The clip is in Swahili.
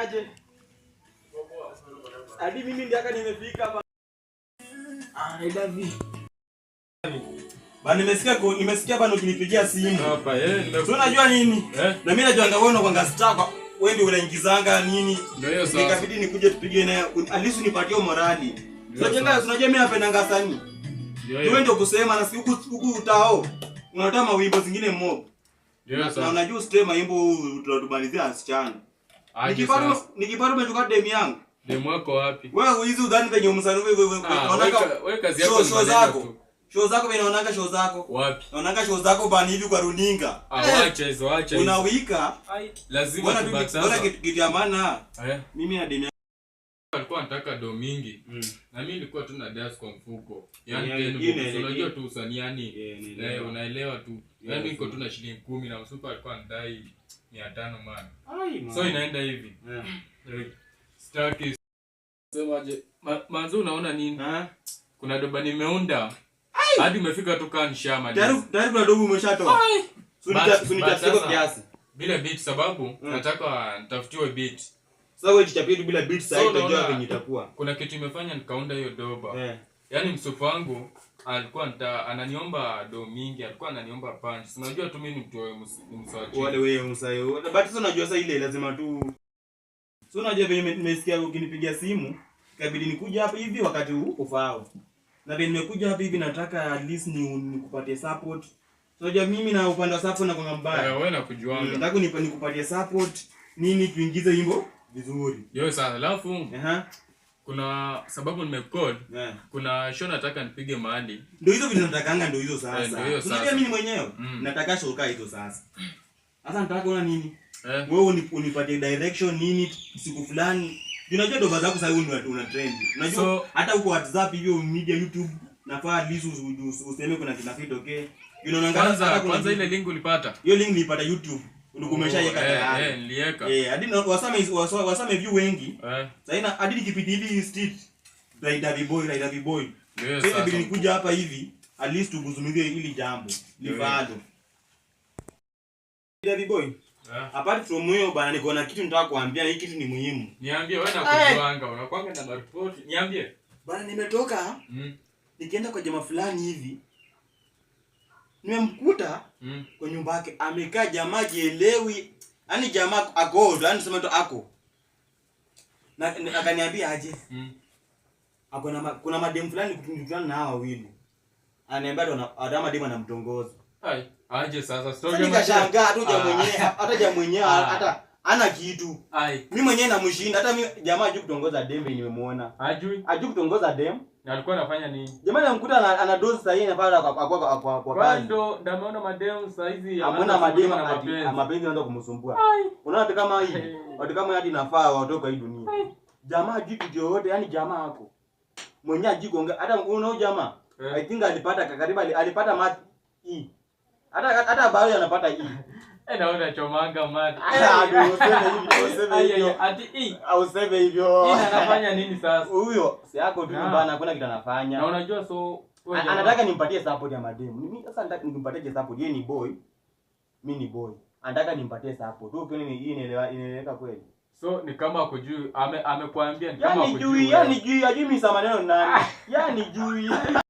aje? Hadi mimi ndiye aka nimefika hapa. Ah, Davi. Bana nimesikia kwa nimesikia bana ukinipigia simu. Hapa eh. Unajua nini? Eh? Na mimi najua ngaona kwanga star kwa wewe ndio unaingizanga nini, nikabidi nikuje tupige naye, at least nipatie morali. Tunajua tunajua mimi napenda ngasani, wewe ndio kusema na siku huku utao Unataka mawimbo zingine mob, na unajua usitoe mawimbo tunatumalizia asichana. Nikipata nikipata umechukua dem yangu, dem wako wapi wewe? hizo udhani penye msanii wewe, wewe wewe kazi yako ni zako show zako vinaonanga show zako wapi naonanga show zako bani hivi kwa runinga ah, acha hizo acha una wika lazima bwana bwana kitu ya maana eh? mimi na demi alikuwa anataka do mingi mm. na mimi nilikuwa tu na das kwa mfuko yani yaani unajua tu usani yani eh, unaelewa tu yani niko tu na shilingi 10 na usupa alikuwa anadai 500 man ai man so inaenda hivi yeah. Eh, staki je manzi unaona nini ha? kuna doba nimeunda hadi umefika tu kanshama tayari kuna dogo umeshatoa sunitafsiko kiasi bila beat sababu mm. nataka nitafutiwe beat sasa wewe jichapie bila beat sasa so, utajua venye itakuwa kuna kitu imefanya nikaunda hiyo doba yeah. yaani msofu wangu alikuwa nita, ananiomba do mingi alikuwa ananiomba punch unajua tu mimi ni mtu ni mswaji wale wewe msayo but sasa unajua sasa ile lazima tu sasa unajua venye nimesikia ukinipigia simu kabidi nikuja hapa hivi wakati huu ufaao na vile nimekuja hapa hivi, nataka at least ni nikupatie support. so ja mimi na upande wa support na kwa mbaya yeah, wewe nakujuanga mm, nataka ni nikupatie support nini, tuingize wimbo vizuri yo sana, alafu uh -huh. Kuna sababu nimecode yeah. Kuna show nataka nipige mahali, ndio hizo vitu natakanga, ndio hizo sasa yeah, unajua mimi mwenyewe mm, nataka show kai hizo sasa. Sasa nataka una nini eh. wewe, yeah. Unipatie direction nini siku fulani Unajua doba zako sasa una, una trend. Unajua hata huko WhatsApp hivyo media YouTube nafaa lisu useme kuna kila kitu okay. You Unaona kwanza kwanza ile link ulipata. Hiyo link nilipata YouTube. Ulikomesha yeka oh, eh, tayari. Eh, nilieka. Eh, hadi wasame wasame view wengi. Eh. Sasa hadi nikipindi hivi street Raida Viboy, Raida Viboy. Yes, sasa nilikuja hapa hivi at least tuguzumilie hili jambo. Livado. David boy. Yeah. Apart from hiyo bana, niko na kitu nitaka kuambia. Hii kitu ni muhimu. Niambie wewe, na eh. kujuanga unakwanga na barpoti. Niambie bana, nimetoka mm. nikienda kwa jamaa fulani hivi nimemkuta mm. kwa nyumba yake amekaa jamaa jielewi, Yaani jamaa ako yaani sema tu ako na akaniambia aje mm. ako na kuna mademu fulani kutungana na hawa wawili, Anaambia ndo adama dema anamtongoza. Hai aje sasa sasa nikashangaa hata ah. mwenyewe hata ja mwenyewe ah. hata ana kitu mimi mwenyewe namshinda hata mimi jamaa ajui kutongoza dem nimemwona ajui ajui kutongoza dem alikuwa anafanya nini jamaa namkuta ana dozi sahihi anapata kwa kwa kwa kwa kwa bando ndameona madem saizi ameona madem na mapenzi mapenzi yanaanza kumsumbua unaona hata kama hii watu kama hadi nafaa watoka hii dunia jamaa ajui kitu yoyote yani jamaa wako mwenyewe ajui kuongea hata unao jamaa i think alipata karibu alipata math hii hata hata anapata e. eh, ah, hii e. ah, e nini sasa huyo ah. kitu anafanya unajua so anataka nimpatie support ya mademu sasa support yeye ni boy ni boy anataka nimpatie support hii inaeleweka kweli so ni kama kujui ame ni kama kujui yani jui ajui mimi maneno nani yani jui